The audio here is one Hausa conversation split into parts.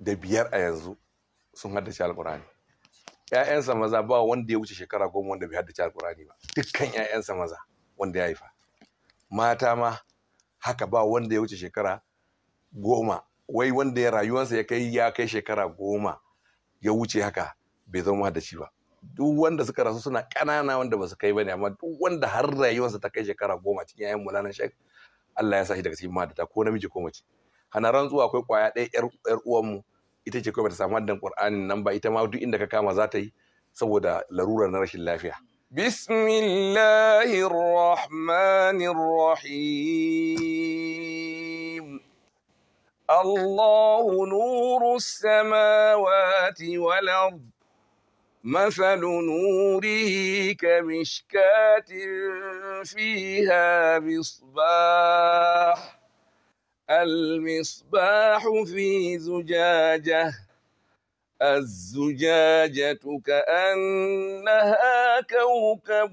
da biyar a yanzu sun haddace alkurani ‘ya'yansa maza ba wanda ya wuce shekara goma wanda bai haddace alkurani ba dukkan ‘ya'yansa maza wanda ya haifa mata ma haka ba wanda ya wuce shekara goma wai wanda ya rayuwarsa ya kai ya kai shekara goma ya wuce haka bai zama da ba duk wanda suka rasu suna ƙanana wanda ba su kai ba ne amma duk wanda har rayuwarsa ta kai shekara goma cikin yayin mulanan shek Allah ya sa shi daga cikin ta, ko namiji ko mace hana rantsuwa akwai kwaya ɗaya yar uwanmu ita ce kuma ta samu haddan qur'anin nan ba ita ma duk inda ka kama za ta yi saboda larura na rashin lafiya bismillahir rahmanir rahim الله نور السماوات والأرض مثل نوره كمشكات فيها مصباح المصباح في زجاجة الزجاجة كأنها كوكب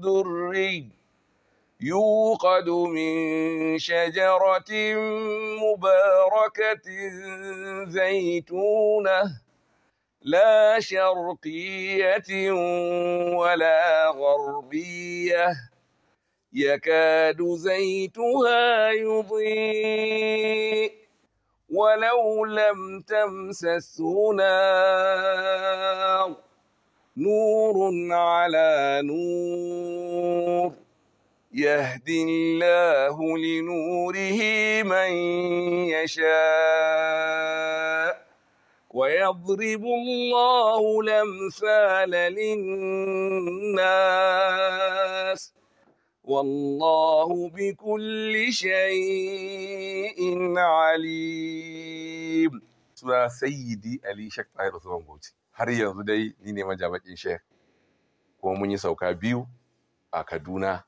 دري يوقد من شجرة مباركة زيتونة لا شرقية ولا غربية يكاد زيتها يضيء ولو لم تمسسه نار نور على نور يهدي الله لنوره من يشاء ويضرب الله الأمثال للناس والله بكل شيء عليم suna sayyidi ali shek tahir usman bauchi har yanzu dai ni ne majamakin shek kuma mun yi sauka biyu a kaduna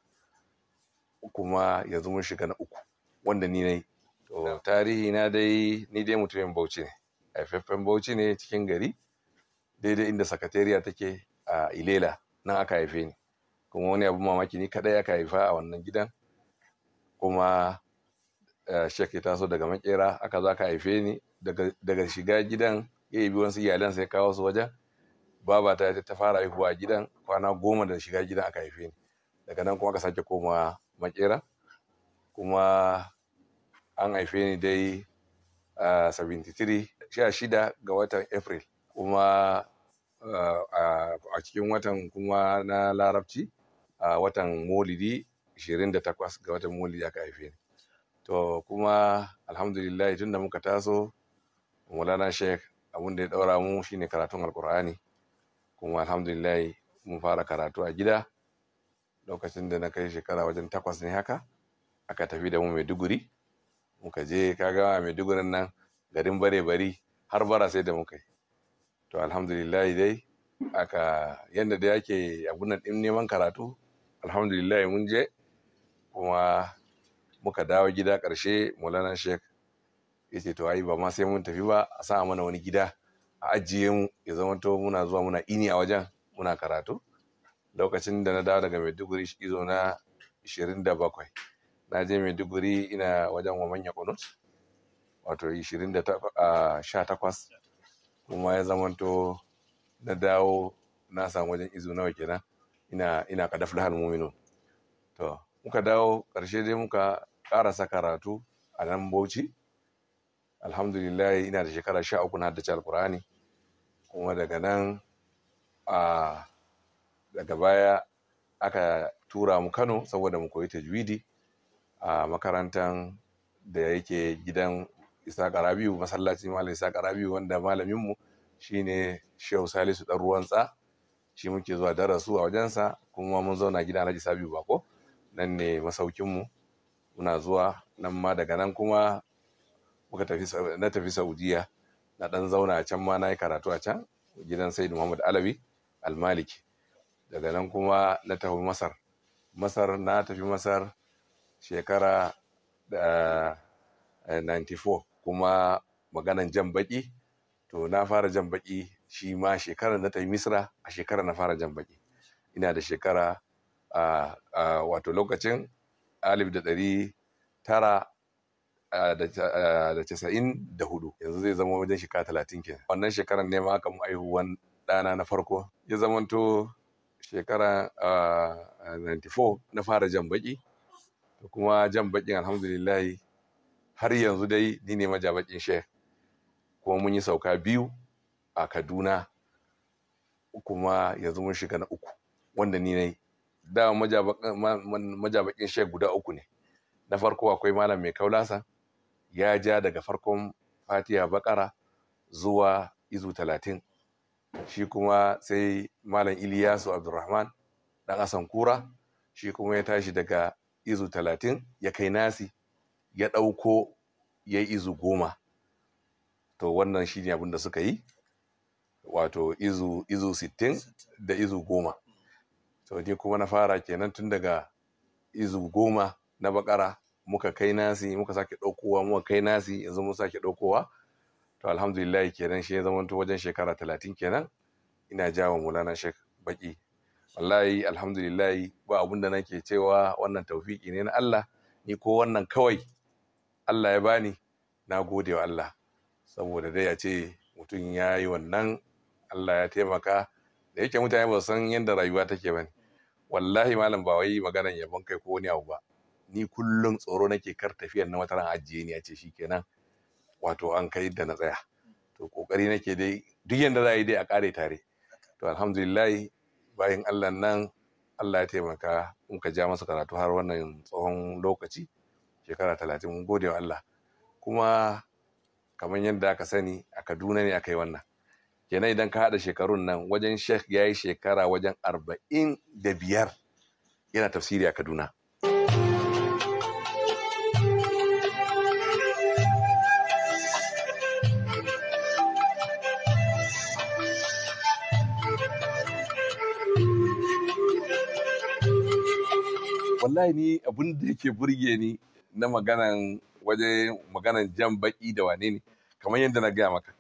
kuma yanzu mun shiga na uku wanda ni ne to tarihi na dai ni dai mutumin bauchi ne haifaffen bauchi ne cikin gari daidai inda sakatariya take a ilela nan aka haife ni kuma wani abin mamaki ni kadai aka haifa a wannan gidan kuma eh, shek ya taso daga makera aka za ka haife ni daga shiga gidan ya yi wasu iyalan sai kawo su wajen baba ta ta fara haihuwa gidan kwana goma da shiga gidan aka haife ni daga nan kuma aka sake koma makera kuma an haife ni dai a eh, 73 sha shida ga watan april kuma eh, a cikin watan kuma na larabci a watan Molidi 28 ga watan Molidi aka haife ni to kuma alhamdulillah tun da muka taso mulana Sheikh abin da ya daura mu shine karatun Alkur'ani kuma alhamdulillah mun fara karatu a gida lokacin da na kai shekara wajen takwas ne haka aka tafi da mu Maiduguri muka je kaga maidugurin nan garin bare bari har bara sai da muka yi to alhamdulillah dai aka yadda da yake bunan ɗin neman karatu alhamdulillah mun je kuma muka dawo gida karshe maulana shek. ya ce to ai ba ma sai mun tafi ba a sa mana wani gida a ajiye mu ya zamanto muna zuwa muna ini a wajen muna karatu lokacin da na dawo daga maiduguri izo na 27 na je maiduguri ina wajen wa manya kunut wato 18 kuma ya zamanto na dawo na samu wajen izo nawa kenan ina ina ka dafa lahal muminu to muka dawo karshe dai muka ƙarasa karatu a nan bauchi alhamdulillah ina da shekara sha uku na haddace alkur'ani kuma daga nan a daga baya aka tura mu kano saboda mu koyi tajwidi a makarantan da yake gidan isa karabiyu masallaci malam isa karabiyu wanda malaminmu shine shehu salisu ɗan ruwan tsa shi muke zuwa darasu a wajensa kuma mun zauna gida alhaji sabiu bako nan ne masaukinmu muna zuwa nan ma daga nan kuma muka tafi na tafi saudiya na dan zauna a can ma na yi karatu a can gidan said muhammad alawi almaliki daga nan kuma na tafi masar masar na tafi masar shekara da eh, 94 kuma maganan jan baki to na fara jan baki shi ma shekarar da ta yi misra a shekarar na fara jan baki ina da shekara a wato lokacin alif da ɗari tara da casa'in da hudu yanzu zai zama wajen shekara talatin kenan wannan shekarar ne ma aka mu aihuwan ɗana na farko ya zamanto shekara 94 na fara jan baki kuma jan baƙin alhamdulillahi har yanzu dai ni ne majabakin shek kuma mun yi sauka biyu a kaduna kuma yanzu mun shiga na uku wanda ni ne da majabakin shek guda uku ne na farko akwai malam mai kaulasa ya ja daga farkon fatiya bakara zuwa izu talatin shi kuma sai malam iliyasu abdurrahman dan asan kura shi kuma ya tashi daga izu talatin ya kai nasi ya ɗauko ya izu goma to wannan shi ne abin da suka yi wato izu izu 60 da izu goma so ni kuma na fara kenan tun daga izu goma na bakara muka kai nasi muka sake ɗaukowa muka kai nasi yanzu mun sake ɗaukowa to alhamdulillah kenan shi ya zamanto wajen shekara talatin kenan ina jawo mulana shek baki wallahi alhamdulillah ba abun da nake cewa wannan taufiki ne na Allah ni ko wannan kawai Allah ya bani na gode wa Allah saboda dai yace ce mutum ya yi wannan Allah ya taimaka da yake mutane ba san yadda rayuwa take ba ne wallahi malam ba wai maganan yabon kai ko wani abu ba ni kullum tsoro nake kar tafiyar na wata ran ajiye ni a ce shikenan wato an kai da na tsaya to kokari nake dai duk yadda za a yi dai a kare tare to alhamdulillah bayan Allah nan Allah ya taimaka in ka ja masa karatu har wannan tsohon lokaci shekara talatin mun gode wa Allah kuma kamar yadda aka sani a Kaduna ne aka yi wannan kenan idan ka haɗa shekarun nan wajen sheikh ya yi shekara wajen arba'in da biyar yana tafsiri a kaduna wallahi ni abin da yake burge ni na maganan waje maganan jan baki da wane ne kamar yadda na gaya maka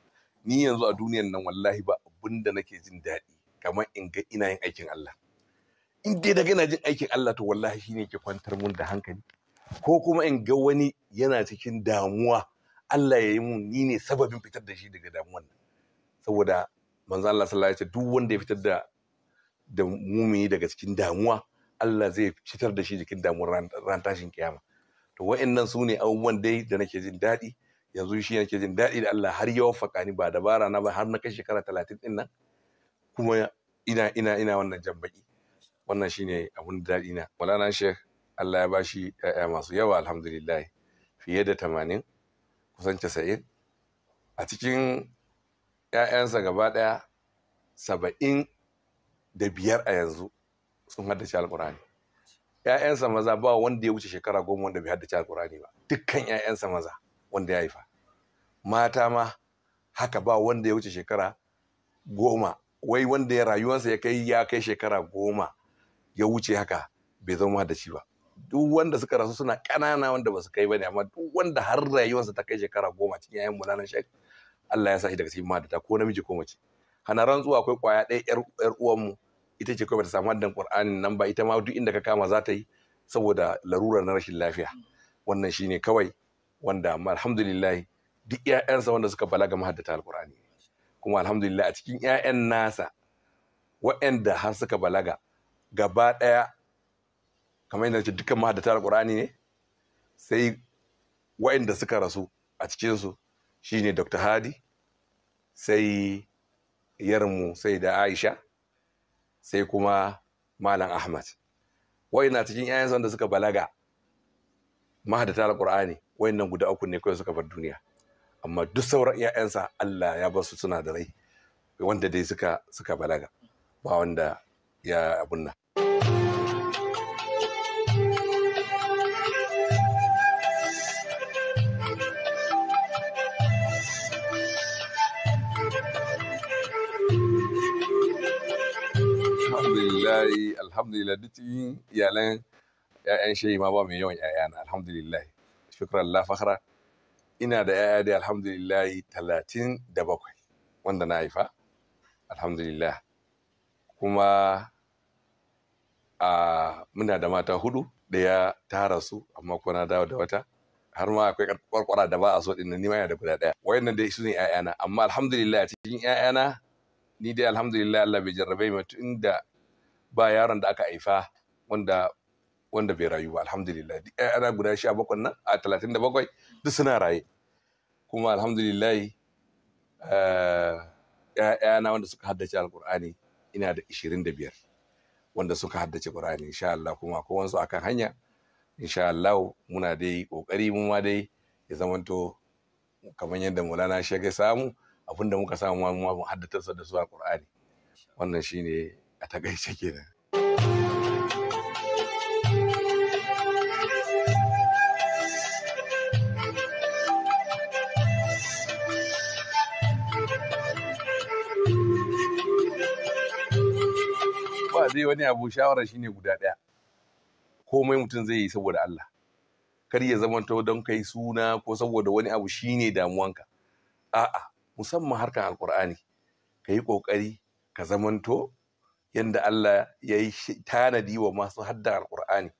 ni yanzu a duniyan nan wallahi ba abin da nake jin daɗi kamar in ga ina yin aikin Allah in dai daga ina jin aikin Allah to wallahi shine ke kwantar mun da hankali ko kuma in ga wani yana cikin damuwa Allah ya yi mun ni ne sababin fitar da shi daga damuwan nan saboda manzo Allah sallallahu alaihi duk wanda ya fitar da da mumini daga cikin damuwa Allah zai fitar da shi cikin damuwar ran tashin kiyama to wa'annan su ne abubuwan dai da nake jin daɗi yanzu shi yake jin daɗi da Allah har ya wafaka ni ba dabara na ba har na kai shekara talatin ɗin nan kuma ina ina ina wannan jambaki wannan shine abun daɗi na walana Sheikh Allah ya bashi ƴaƴa masu yawa alhamdulillah fiye da tamanin kusan casa'in a cikin ƴaƴansa gaba ɗaya saba'in da biyar a yanzu sun haddace alƙur'ani Ƴaƴansa maza ba wanda ya wuce shekara goma wanda bai haddace alƙur'ani ba dukkan ƴaƴansa maza wanda ya haifa mata ma haka ba wanda ya wuce shekara goma wai wanda ya rayuwarsa ya kai ya kai shekara goma ya wuce haka bai zama da shi ba duk wanda suka rasu suna kanana wanda ba su kai ba ne. amma duk wanda har rayuwarsa ta kai shekara goma cikin yayin munanan shek Allah ya sa shi daga cikin mata ko namiji ko mace hana rantsuwa akwai kwaya ɗaya yar mu ita ce kawai ta samu haddan qur'ani nan ba ita ma duk inda ka kama za ta yi saboda larurar na rashin lafiya mm. wannan shine kawai wanda alhamdulillah duk ƴaƴansa wanda suka balaga mahaddata alqur'ani kuma alhamdulillah a cikin ƴaƴan nasa waɗanda har suka balaga gaba ɗaya kamar yadda ce dukkan mahaddata alqur'ani ne sai waɗanda suka rasu a cikinsu shine Dr. Hadi sai yarmu sai da Aisha sai kuma Malam Ahmad na cikin 'ya'yansa wanda suka balaga mahaddata alqur'ani wayannan guda uku ne kawai suka bar duniya amma duk sauran 'ya'yansa Allah ya ba su suna da rai wanda dai suka suka balaga ba wanda ya abunna nan alhamdulillahi alhamdulillah duk cikin iyalan 'ya'yan shehi ma ba mai yawan 'ya'yana alhamdulillah shukran la fakhra ina da yaya da alhamdulillah talatin da bakwai wanda na haifa alhamdulillah kuma a muna da mata hudu ɗaya tara su amma ko na dawo da wata har ma akwai kwarkwara da ba a so din ni ma yana da guda daya nan dai su ne ƴaƴana amma alhamdulillah cikin ƴaƴana ni dai alhamdulillah Allah bai jarrabe ni tun da ba yaron da aka haifa wanda wanda bai rayu ba alhamdulillah duk ƴaƴana guda 17 nan a 37 duk suna raye kuma alhamdulillahi ‘ya'yana eh, wanda suka haddace alkur'ani ina da 25 wanda suka haddace ƙur'ani insha Allah kuma ko kowansu akan hanya insha Allah muna dai ƙoƙari mu ma dai ya zamanto kamar yadda Maulana Shege ya samu abinda muka samu ma mu haddace da su alkur'ani wannan shine a takaice kenan ba zai wani abu shawara shine guda ɗaya komai mutum zai yi saboda Allah kar ya zamanto don kai suna ko saboda wani abu shine damuwanka a'a musamman harkan alkur'ani ka yi kokari ka zamanto yanda Allah ya yi tanadi wa masu haddan alkur'ani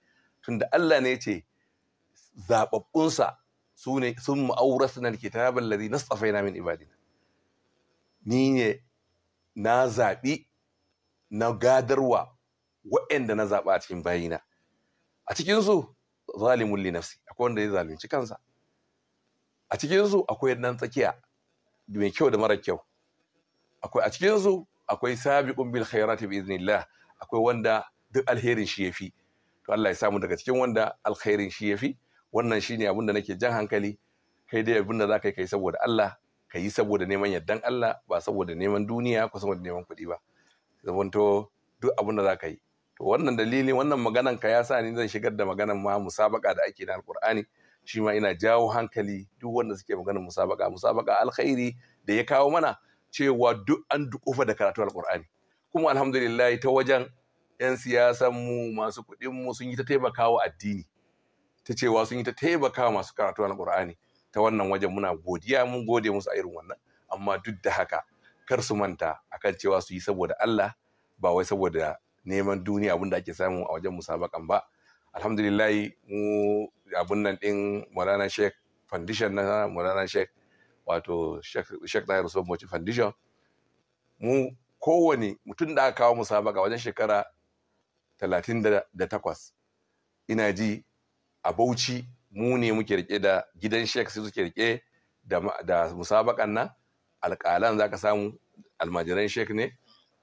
tunda Allah ne ce zababbunsa su ne sun ma'aurasa na kitabar na tsafai na min ibadina ni ne na zaɓi na gadarwa wa'anda na zaɓa a cikin bayina a cikinsu zalimun li nafsi akwai wanda ya zalunci kansa a cikinsu akwai nan tsakiya mai kyau da mara kyau akwai a cikinsu akwai sabiqun bil khairati bi iznillah akwai wanda duk alherin shi yafi to Allah ya samu daga cikin wanda alherin shi yafi wannan shine abin da nake jan hankali kai dai abin da zaka yi kai saboda Allah ka yi saboda neman yardan Allah ba saboda neman duniya ko saboda neman kuɗi ba zamanto duk abin da za ka yi to wannan dalili wannan maganan ka ya sa ni zan shigar da maganan ma musabaka da ake na alkur'ani shi ma ina jawo hankali duk wanda suke maganan musabaka musabaka alkhairi da ya kawo mana cewa duk an dukufa da karatu alkur'ani kuma alhamdulillah ta wajen yan siyasan mu masu kuɗin mu sun yi ta taimakawa addini ta cewa sun yi ta taimakawa masu karatu alkur'ani ta wannan wajen muna godiya mun gode musu a irin wannan amma duk da haka kar su manta akan cewa su yi saboda Allah ba wai saboda neman duniya abinda ake samu a wajen musabakan ba alhamdulillah mu abun nan din Maulana Sheikh Foundation na Maulana Sheikh wato Sheikh Tahir Usman Foundation mu kowane mutum da aka kawo musabaka wajen shekara talatin da ina ji a Bauchi mu ne muke rike da gidan Sheikh su suke rike da musabakan nan alƙalan za ka samu almajiran shek ne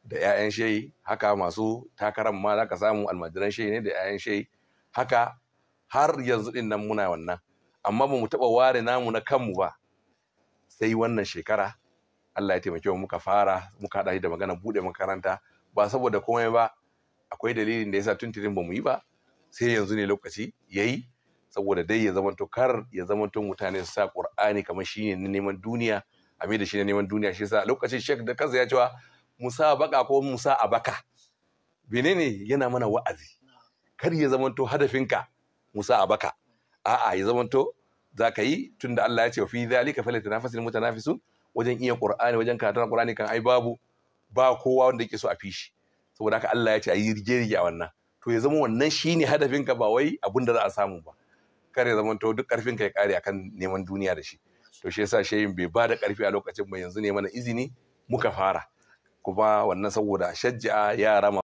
da 'ya'yan shehi haka masu takaran ma za ka samu almajiran shehi ne da 'ya'yan shehi haka har yanzu ɗin nan muna wannan amma ba mu taɓa ware namu na kanmu ba sai wannan shekara Allah ya taimake mu muka fara muka haɗa da magana buɗe makaranta ba saboda komai ba akwai dalilin da yasa tuntunin ba mu yi ba sai yanzu ne lokaci ya yi saboda dai ya zamanto kar ya zamanto mutane su sa ƙur'ani kamar shine neman duniya a da shi ne neman duniya shi sa lokacin shek da kansa ya cewa musa baka ko musa a baka menene yana mana wa'azi kar ya zamanto hadafinka musa a baka a'a ya zamanto za ka yi tunda Allah ya ce fi zalika fi mutanafisun wajen iya Ƙur'ani wajen karatun qur'ani kan ai babu ba kowa wanda yake so a fishi saboda haka Allah ya ce a yi rige-rige wannan to ya zama wannan shi shine hadafinka ba wai abin da za a samu ba kar ya zamanto duk karfinka ya kare akan neman duniya da shi to shi yasa shehin bai ba da karfi a lokacin ba yanzu ne mana izini muka fara kuma wannan saboda shajja yara